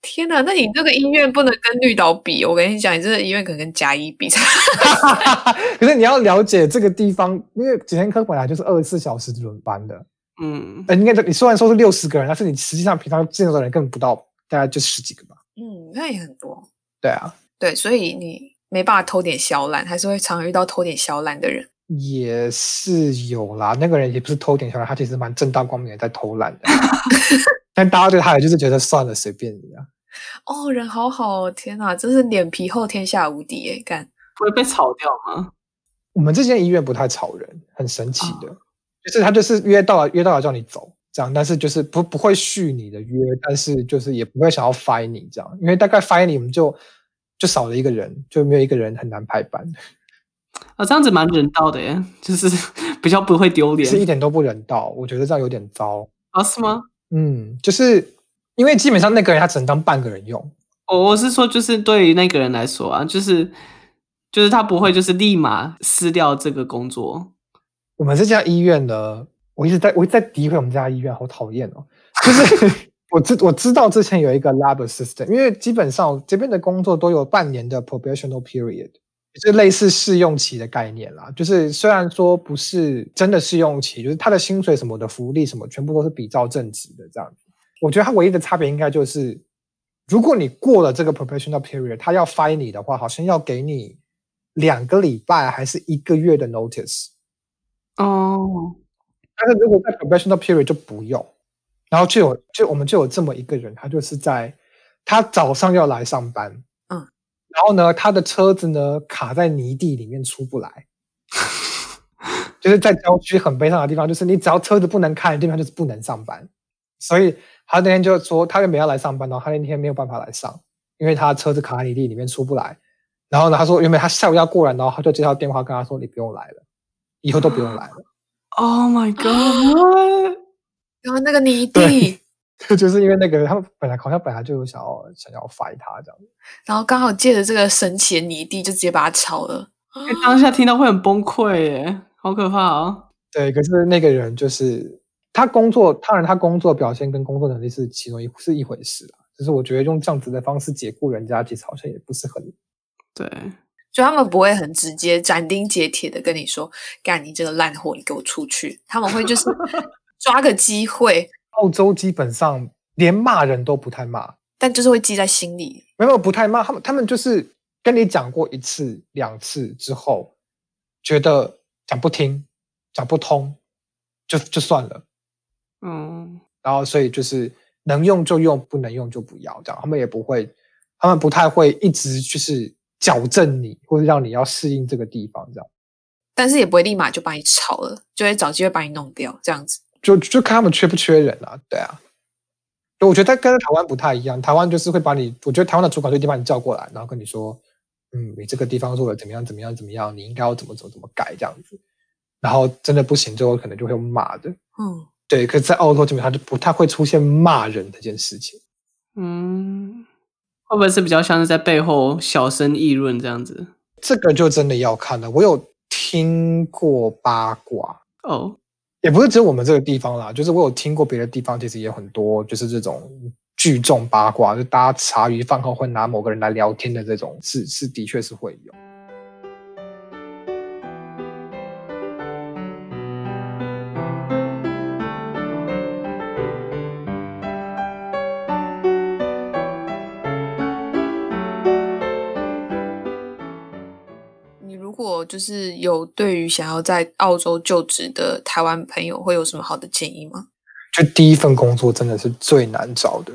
天哪，那你這個醫院不能跟綠島比。我跟你講，你這個醫院可能跟甲一比。 可是你要了解這個地方，因為檢驗科本來就是二十四小時輪班的。嗯，哎，應該你雖然說是六十個人，但是你實際上平常見到的人根本不到，大概就十幾個吧。嗯，那也很多。對啊，對，所以你沒辦法偷點小懶，還是會常常遇到偷點小懶的人。也是有啦，那個人也不是偷點小懶，他其實蠻正大光明的在偷懶的。 但大家對他也就是覺得算了，隨便你、啊。哦，人好好、哦，天哪、啊，真是臉皮厚，天下無敵哎！幹。不會被炒掉嗎？我們這間醫院不太炒人，很神奇的、啊，就是他就是約到了，約到了叫你走這樣，但是就是不不會續你的約，但是就是也不會想要 fire 你這樣，因為大概 fire 你，我們就就少了一個人，就沒有一個人很難排班。啊、哦，這樣子蠻人道的耶，就是比較不會丟臉。是一點都不人道，我覺得這樣有點糟啊、哦？是嗎？嗯，就是因為基本上那個人他只能當半個人用。我、哦、我是說，就是對於那個人來說啊，就是就是他不會就是立馬失掉這個工作。我們這家醫院呢，我一直在我一直在詆毀我們這家醫院，好討厭哦！ 就是我知我知道之前有一個 lab assistant，因為基本上這邊的工作都有半年的 probational period。就類似試用期的概念啦，就是雖然說不是真的試用期，就是他的薪水什麼的福利什麼，全部都是比照正職的這樣子。我覺得他唯一的差別應該就是，如果你過了這個 professional period，他要 fire 你的話，好像要給你兩個禮拜還是一個月的 notice。哦。但是如果在 professional period 就不用。然後就有就我們就有這麼一個人，他就是在他早上要來上班。然後呢，他的車子呢，卡在泥地裡面出不來， 就是在郊區很悲傷的地方，就是你只要車子不能開的地方就是不能上班，所以他那天就說，他就沒要來上班，然後他那天沒有辦法來上，因為他的車子卡在泥地裡面出不來。然後呢，他說原本他下午要過來，然後他就接到電話跟他說，你不用來了，以後都不用來了。Oh my god！然 後那個泥地。就就是因為那個，他們本來好像本來就有想要想要 fire 他這樣，然後剛好借着這個神奇的泥地，就直接把他炒了。哎、欸，當下聽到會很崩潰耶，好可怕啊、哦！對，可是那個人就是他工作，當然他工作表現跟工作能力是其中一是一回事啊。就是我覺得用這樣子的方式解雇人家，其實好像也不是很對，就他們不會很直接斬釘截鐵的跟你說：“幹你這個爛貨，你給我出去。”他們會就是抓個機會 澳洲基本上連罵人都不太罵，但就是會記在心裡。沒有，不太罵，他們，他們就是跟你講過一次、兩次之後，覺得講不聽、講不通，就就算了。嗯，然後所以就是能用就用，不能用就不要這樣。他們也不會，他們不太會一直就是矯正你，或者讓你要適應這個地方這樣。但是也不會立馬就把你炒了，就會找機會把你弄掉這樣子。就就看他們缺不缺人啊？對啊，就我覺得他跟台灣不太一樣。台灣就是會把你，我覺得台灣的主管就一定把你叫過來，然後跟你說：“嗯，你這個地方做的怎麼樣？怎麼樣？怎麼樣？你應該要怎麼做？怎麼改？”這樣子，然後真的不行，之後可能就會罵的。嗯、哦，對。可是，在澳洲這邊，他就不太會出現罵人這件事情。嗯，會不會是比較像是在背後小聲議論這樣子？這個就真的要看了，我有聽過八卦哦。也不是只有我們這個地方啦，就是我有聽過別的地方，其實也很多，就是這種聚眾八卦，就大家茶餘飯後會拿某個人來聊天的這種，是是的確是會有。就是有對於想要在澳洲就職的台灣朋友，會有什麼好的建議嗎？就第一份工作真的是最難找的。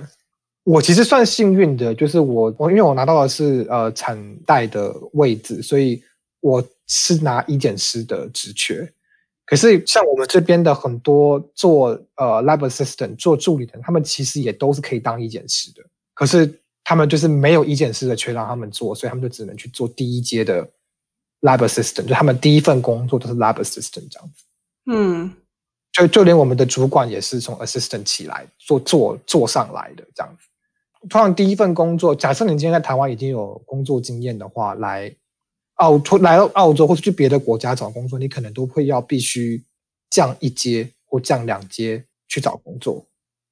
我其實算幸運的，就是我我因為我拿到的是呃產代的位置，所以我是拿醫檢師的職缺。可是像我們這邊的很多做呃 Lab Assistant 做助理的，他們其實也都是可以當醫檢師的，可是他們就是沒有醫檢師的缺讓他們做，所以他們就只能去做第一階的。Lab assistant 就他們第一份工作都是 lab assistant 這樣子，嗯，就就連我們的主管也是從 assistant 起來做做做上來的這樣子。通常第一份工作，假設你今天在台灣已經有工作經驗的話，來澳洲，來到澳洲或是去別的國家找工作，你可能都會要必須降一階或降兩階去找工作。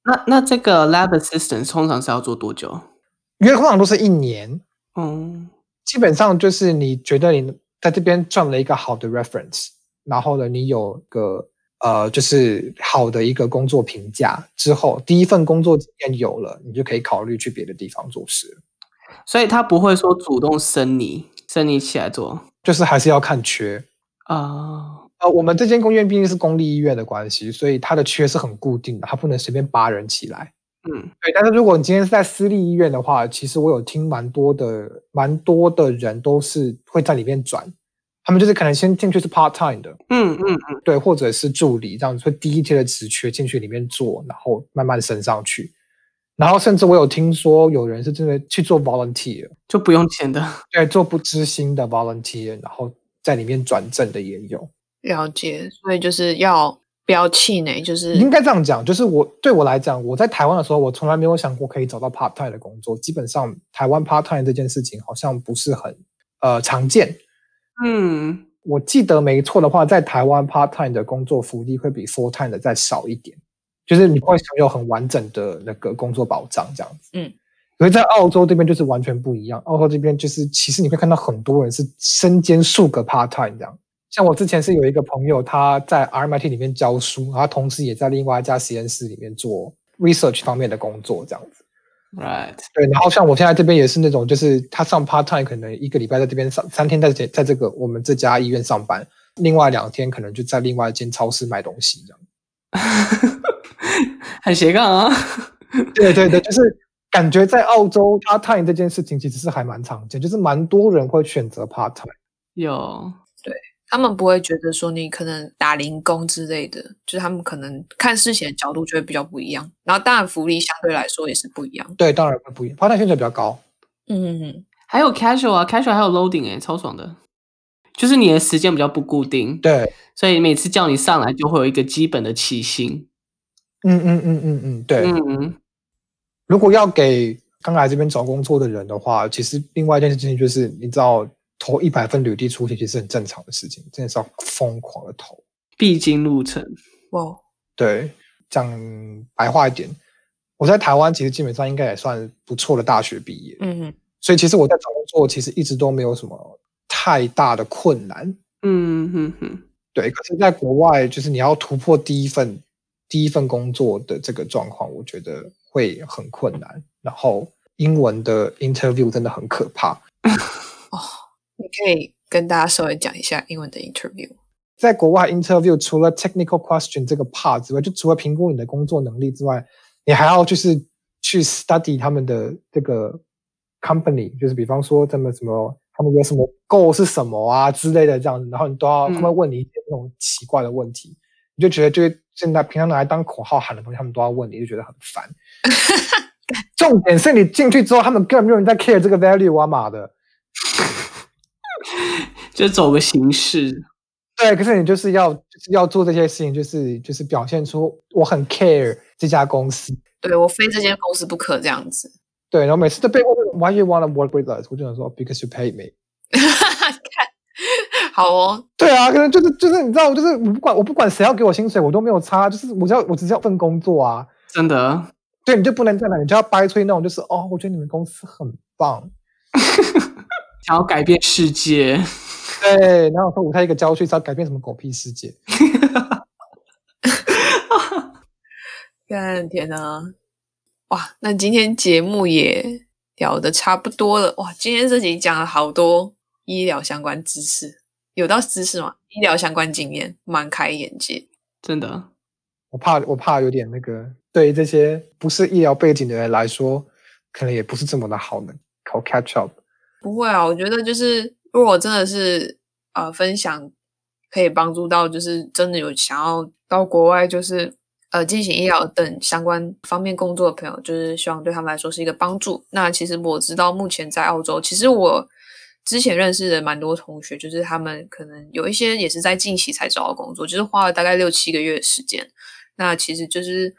那那這個 lab assistant 通常是要做多久？因為通常都是一年，嗯，基本上就是你覺得你。在這邊賺了一個好的 reference，然後呢，你有個呃，就是好的一個工作評價之後，第一份工作經驗有了，你就可以考慮去別的地方做事。所以他不會說主動升你，升你起來做，就是還是要看缺啊、uh... 呃。我們這間公院畢竟是公立醫院的關係，所以他的缺是很固定的，他不能隨便拔人起來。嗯，對，但是如果你今天是在私立醫院的話，其實我有聽蠻多的，蠻多的人都是會在裡面轉，他們就是可能先進去是 part time 的，嗯嗯嗯，對，或者是助理這樣子，會第一天的職缺進去裡面做，然後慢慢升上去，然後甚至我有聽說有人是真的去做 volunteer，就不用錢的，對，做不支薪的 volunteer，然後在裡面轉正的也有，了解，所以就是要。不要氣餒，就是應該這樣講。就是我對我來講，我在台灣的時候，我從來沒有想過可以找到 part time 的工作。基本上，台灣 part time 這件事情好像不是很呃常見。嗯，我記得沒錯的話，在台灣 part time 的工作福利會比 full time 的再少一點，就是你會享有很完整的那個工作保障這樣子。嗯，因為在澳洲這邊就是完全不一樣。澳洲這邊就是其實你會看到很多人是身兼數個 part time 這樣。像我之前是有一個朋友，他在 RMIT 裡面教書，然後同時也在另外一家實驗室裡面做 research 方面的工作，這樣子。Right。對，然後像我現在這邊也是那種，就是他上 part time 可能一個禮拜在這邊上三天在、這個，在這在這個我們這家醫院上班，另外兩天可能就在另外一間超市買東西這樣子。 很斜槓槓啊、哦。 對對對，就是感覺在澳洲 part time 這件事情其實是還蠻常見，就是蠻多人會選擇 part time。有。對。他們不會覺得說你可能打零工之類的，就是他們可能看事情的角度就會比較不一樣。然後當然福利相對來說也是不一樣。對，當然會不一樣，發展現在比較高。嗯，還有 casual 啊，casual 還有 loading 哎、欸，超爽的，就是你的時間比較不固定。對，所以每次叫你上來就會有一個基本的起薪。嗯嗯嗯嗯嗯，對。嗯。如果要給剛來這邊找工作的人的話，其實另外一件事情就是你知道。投一百份履歷出去，其實是很正常的事情，真的是要瘋狂的投。必經路程，哇！對，講白話一點，我在台灣其實基本上應該也算不錯的大學畢業，嗯。所以其實我在找工作，其實一直都沒有什麼太大的困難，嗯嗯嗯。對，可是，在國外就是你要突破第一份第一份工作的這個狀況，我覺得會很困難。然後，英文的 interview 真的很可怕。嗯哼哼。可以跟大家稍微講一下英文的 interview。在國外 interview，除了 technical question 這個 part 之外，就除了評估你的工作能力之外，你還要就是去 study 他們的這個 company，就是比方說他們什麼，他們有什麼 goal 是什麼啊之類的這樣子。然後你都要、嗯、他們問你一些那種奇怪的問題，你就覺得就是現在平常拿來當口號喊的東西，他們都要問你，就覺得很煩。 重點是你進去之後，他們根本沒有人在 care 這個 value 啊嘛的。就走個形式，對。可是你就是要就是要做這些事情，就是就是表現出我很 care 這家公司，對我非這間公司不可這樣子。對，然後每次都被問 Why you wanna work with us？我就想說 Because you pay me。 好哦。對啊，可能就是就是你知道，就是我不管我不管誰要給我薪水，我都沒有差。就是我只要我只是要份工作啊，真的。對，你就不能這樣，你就要掰出去那種就是哦，我覺得你們公司很棒， 想要改變世界。對，然後說舞台一個膠水，要改變什麼狗屁世界？ 天哪、啊！哇，那今天節目也聊得差不多了哇！今天這集講了好多醫療相關知識，有到知識嗎？醫療相關經驗，蠻開眼界，真的。我怕，我怕有點那個，對於這些不是醫療背景的人來說，可能也不是這麼的好呢。靠，catch up，不會啊，我覺得就是。如果真的是呃分享，可以幫助到，就是真的有想要到國外就是呃進行醫療等相關方面工作的朋友，就是希望對他們來說是一個幫助。那其實我知道目前在澳洲，其實我之前認識的蠻多同學，就是他們可能有一些也是在近期才找到工作，就是花了大概六七個月的時間。那其實就是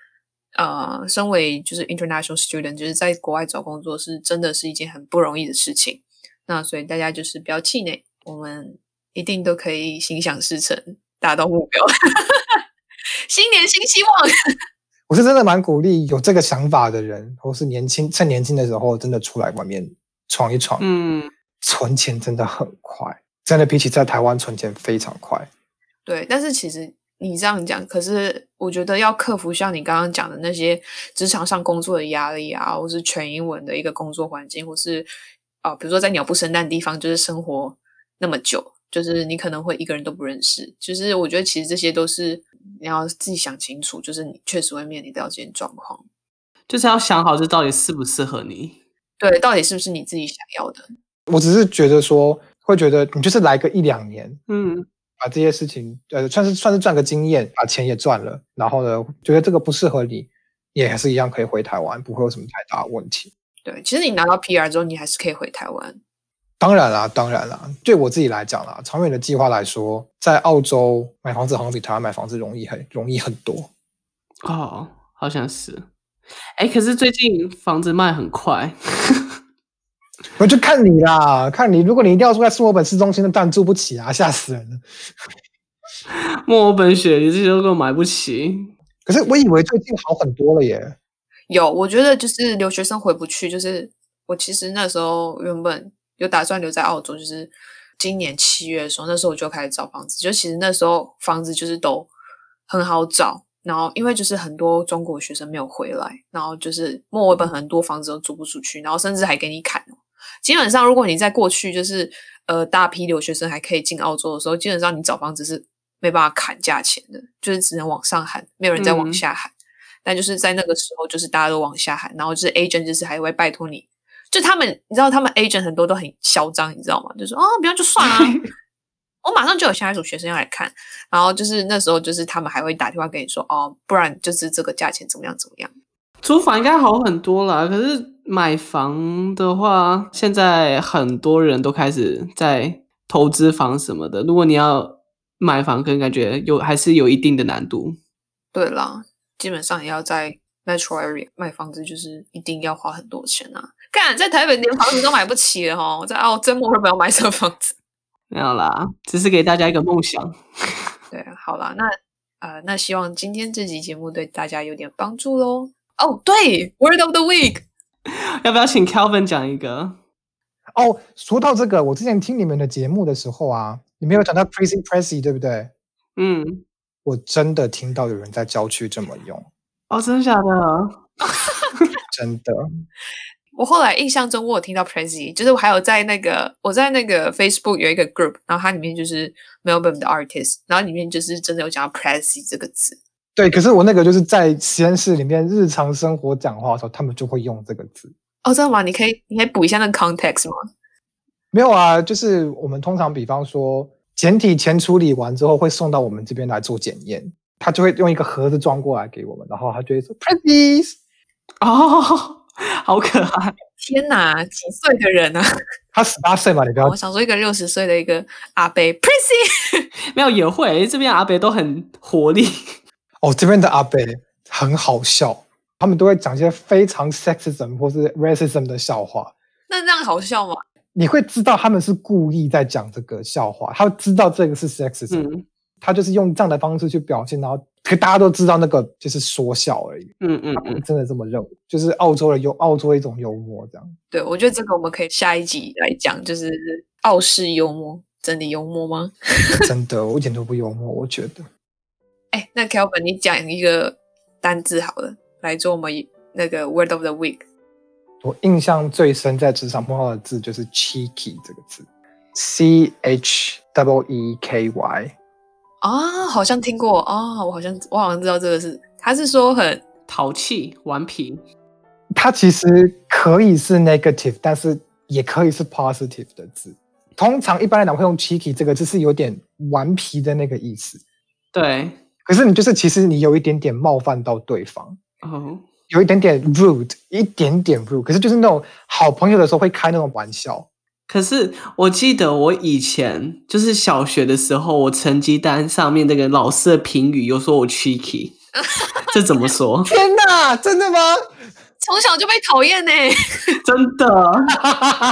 呃，身為就是 international student，就是在國外找工作是真的是一件很不容易的事情。那所以大家就是不要氣餒，我們一定都可以心想事成，達到目標。 新年新希望，我是真的蠻鼓勵有這個想法的人，或是年輕，趁年輕的時候真的出來外面闖一闖，嗯，存錢真的很快，真的比起在台灣存錢非常快。對，但是其實你這樣講，可是我覺得要克服像你剛剛講的那些職場上工作的壓力啊，或是全英文的一個工作環境，或是。哦，比如說在鳥不生蛋的地方就是生活那麼久，就是你可能會一個人都不認識。就是我覺得其實這些都是你要自己想清楚，就是你確實會面臨到這些狀況，就是要想好這到底適不適合你，對，到底是不是你自己想要的。我只是覺得說，會覺得你就是來個一兩年，嗯，把這些事情，呃，算是算是賺個經驗，把錢也賺了，然後呢，覺得這個不適合你，也還是一樣可以回台灣，不會有什麼太大問題。對，其實你拿到 PR 之後，你還是可以回台灣。當然啦，當然啦。對我自己來講啦，長遠的計劃來說，在澳洲買房子好像比台灣買房子容易很，很容易很多。哦，好像是。哎，可是最近房子賣很快， 我就看你啦，看你。如果你一定要住在墨爾本市中心，的但住不起啊，嚇死人了。墨 爾本雪梨這些都買不起。可是我以為最近好很多了耶。有，我覺得就是留學生回不去，就是我其實那時候原本有打算留在澳洲，就是今年七月的時候，那時候我就開始找房子，就其實那時候房子就是都很好找，然後因為就是很多中國學生沒有回來，然後就是墨爾本很多房子都租不出去、嗯，然後甚至還給你砍。基本上如果你在過去就是呃大批留學生還可以進澳洲的時候，基本上你找房子是沒辦法砍價錢的，就是只能往上喊，沒有人再往下喊。嗯但就是在那個時候，就是大家都往下喊，然後就是 agent 就是還會拜托你，就他們你知道他們 agent 很多都很囂張，你知道嗎？就是哦，不要就算了、啊， 我馬上就有下一組學生要來看，然後就是那時候就是他們還會打電話給你說哦，不然就是這個價錢怎麼樣怎麼樣。租房應該好很多啦，可是買房的話，現在很多人都開始在投資房什麼的。如果你要買房，可能感覺有還是有一定的難度。對啦。基本上也要在 Metro Area 買房子，就是一定要花很多錢吶、啊。看，在台北連房子都買不起了哈。我在澳洲墨爾本要買什麼房子。沒有啦，只是給大家一個夢想。 對，好了，那呃，那希望今天這集節目對大家有點幫助嘍。哦、oh,，對，Word of the Week， 要不要請 Calvin 講一個？哦、oh,，說到這個，我之前聽你們的節目的時候啊，你沒有講到 Crazy Pressy，對不對？嗯。我真的聽到有人在郊區這麼用哦，真的假的？ 真的。我後來印象中，我有聽到 “prezi”，就是我還有在那個，我在那個 Facebook 有一個 group，然後它裡面就是 Melbourne 的 artist，然後裡面就是真的有講到 “prezi” 這個詞。對，可是我那個就是在實驗室裡面日常生活講話的時候，他們就會用這個字。哦，真的嗎？你可以，你可以補一下那個 context 嗎？沒有啊，就是我們通常，比方說。檢體前處理完之後會送到我們這邊來做檢驗，他就會用一個盒子裝過來給我們，然後他就會說 Princess 哦，好可愛！天哪，幾歲的人啊？他十八歲嘛，你不要。哦，我想說一個六十歲的一個阿伯 Princess 沒有也會，這邊阿伯都很活力。哦，這邊的阿伯很好笑，他們都會講一些非常 sexism 或是 racism 的笑話。那這樣好笑嗎？你會知道他們是故意在講這個笑話，他知道這個是 sexist，、嗯、他就是用這樣的方式去表現，然後可大家都知道那個就是說笑而已。嗯嗯，嗯，真的這麼認為？就是澳洲人有，澳洲一種幽默這樣。對，我覺得這個我們可以下一集來講，就是澳式幽默，真的幽默嗎？ 真的，我一點都不幽默，我覺得。哎，那 Calvin，l 你講一個單字好了，來做我們那個 Word of the Week。我印象最深在職場碰到的字就是 cheeky 這個字，C H E E K Y 啊、哦，好像聽過啊、哦，我好像我好像知道這個字，他是說很淘氣頑皮，他其實可以是 negative，但是也可以是 positive 的字。通常一般來講，會用 cheeky 這個字是有點頑皮的那個意思。對，可是你就是其實你有一點點冒犯到對方。Oh. 有一點點 rude，一點點 rude，可是就是那種好朋友的時候會開那種玩笑。可是我記得我以前就是小學的時候，我成績單上面那個老師的評語有說我 cheeky， 這怎麼說？天哪，真的嗎？從小就被討厭呢、欸，真的，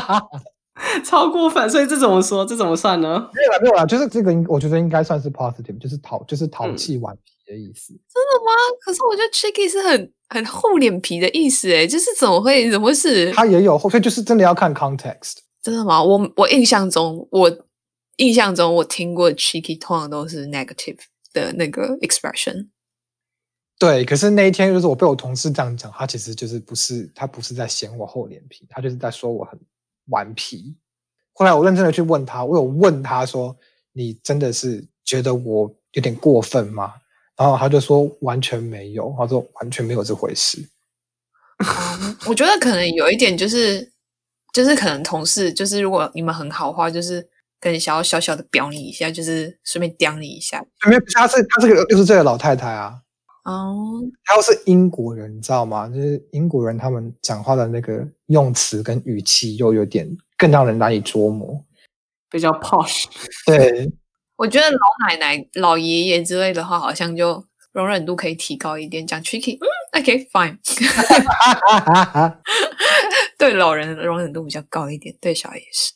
超過分。所以這怎麼說？這怎麼算呢？沒有啦，沒有啦。就是這個，我覺得應該算是 positive，就是淘，就是淘氣頑皮的意思。嗯、真的嗎？可是我覺得 cheeky 是很。很厚臉皮的意思、欸，哎，就是怎麼會，怎麼會是？他也有後，所以就是真的要看 context。真的嗎？我我印象中，我印象中我聽過 cheeky，通常都是 negative 的那個 expression。對，可是那一天就是我被我同事這樣講，他其實就是不是他不是在嫌我厚臉皮，他就是在說我很頑皮。後來我認真的去問他，我有問他說：“你真的是覺得我有點過分嗎？”然後他就說完全沒有，他說完全沒有這回事。 我覺得可能有一點就是，就是可能同事就是如果你們很好的話，就是可能小小小的表你一下，就是順便刁你一下。沒有，他是他是，是個又是這個六十歲的老太太啊。哦，他又是英國人，你知道嗎？就是英國人他們講話的那個用詞跟語氣又有點更讓人難以捉摸，比較 posh。對。我覺得老奶奶、老爺爺之類的話，好像就容忍度可以提高一點。講 tricky，嗯，OK，fine。對老人的容忍度比較高一點，對小孩也是。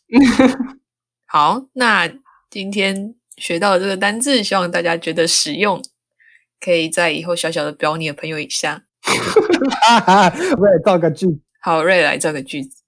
好，那今天學到了這個單字，希望大家覺得實用，可以在以後小小的表你的朋友一下。我也造個句。好，瑞來造個句子。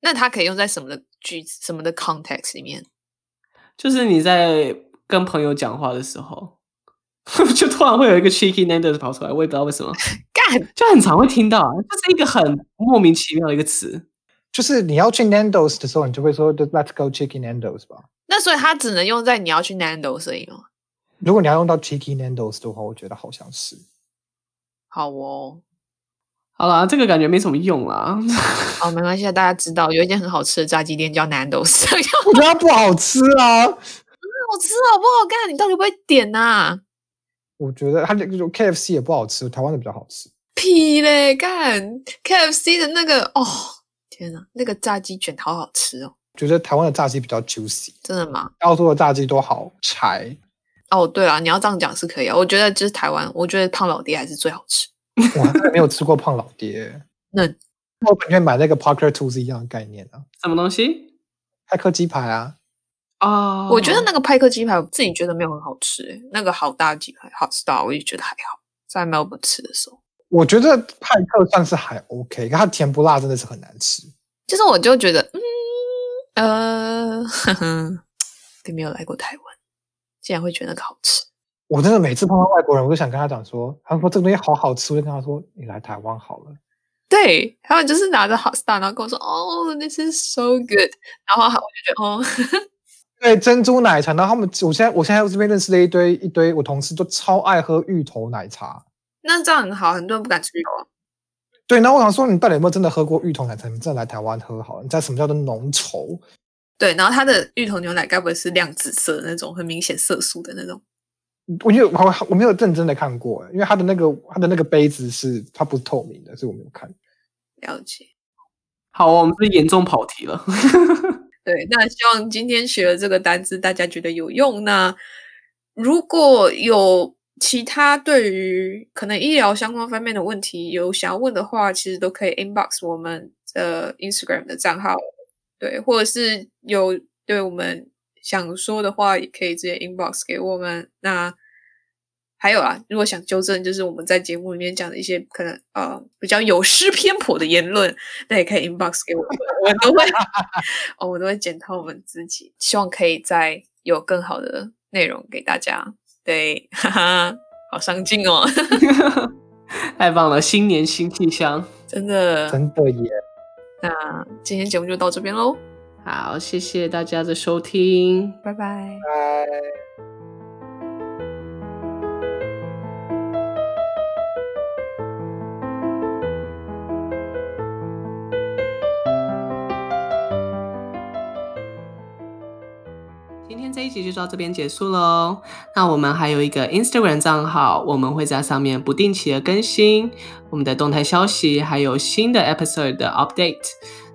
那它可以用在什麼的句子、什麼的 context 裡面？就是你在跟朋友講話的時候， 就突然會有一個 cheeky Nando's 跑出來，我也不知道為什麼，干就很常會聽到。這、就是一個很莫名其妙的一個詞。就是你要去 Nando's 的時候，你就會說 Let's go cheeky Nando's 吧。那所以它只能用在你要去 Nando's 所以嗎？如果你要用到 cheeky Nando's 的話，我覺得好像是。好哦。好了，這個感覺沒什麼用啊。好、 哦，沒關係，大家知道有一間很好吃的炸雞店叫 Nando's。 我覺得它不好吃啊， 很好吃哦、不好吃，好不好看？你到底不會點吶、啊？我覺得它這個 KFC 也不好吃，台灣的比較好吃。屁咧，看 KFC 的那個哦，天啊，那個炸雞捲好好吃哦。我覺得台灣的炸雞比較 juicy，真的嗎？澳洲的炸雞都好柴。哦，對了，你要這樣講是可以啊。我覺得就是台灣，我覺得胖老爹還是最好吃。我 還沒有吃過胖老爹，那我完全買那個 Parker Two 是一樣的概念啊。什麼東西？派克雞排啊！哦、oh,，我覺得那個派克雞排，我自己覺得沒有很好吃。那個好大雞排，好吃到我也覺得還好。在 Melbourne 吃的時候，我覺得派克算是還 OK，可它甜不辣，真的是很難吃。其、就、實、是、我就覺得，嗯，呃，呵呵，也沒有來過台灣，竟然會覺得好吃。我真的每次碰到外國人，我都想跟他講說，他說這個東西好好吃，我就跟他說：“你來台灣好了。”對，他們就是拿着好，然後跟我說：“哦、oh,，this is so good。”然後好我就覺得：“哦、oh.，對，珍珠奶茶。”然後他們，我現在我現在這邊認識了一堆一堆，一堆我同事都超愛喝芋頭奶茶。那這樣很好，很多人不敢吃芋頭、啊。對，然後我想說，你到底有沒有真的喝過芋頭奶茶？你真的來台灣喝好了，你知道什麼叫做濃稠？對，然後它的芋頭牛奶該不會是亮紫色的那種，很明顯色素的那種。我覺我我沒有認真的看過，因為他的那個他的那個杯子是它不是透明的，所以我沒有看。了解。好，我們是嚴重跑題了。 對，那希望今天學的這個單字大家覺得有用。那如果有其他對於可能醫療相關方面的問題有想要問的話，其實都可以 inbox 我們的 Instagram 的賬號，對，或者是有對我們。想說的話也可以直接 inbox 給我們。那還有啊，如果想糾正，就是我們在節目裡面講的一些可能呃比較有失偏頗的言論，那也可以 inbox 給我們，我們都會、 哦，我都會我都會檢討我們自己。希望可以再有更好的內容給大家。對，哈哈，好上進哦！ 太棒了！新年新氣象，真的真的耶。那今天節目就到這邊嘍。好，謝謝大家的收聽，拜拜。今天這一集就到這邊結束嘍。那我們還有一個 Instagram 賬號，我們會在上面不定期的更新我們的動態消息，還有新的 episode 的 update。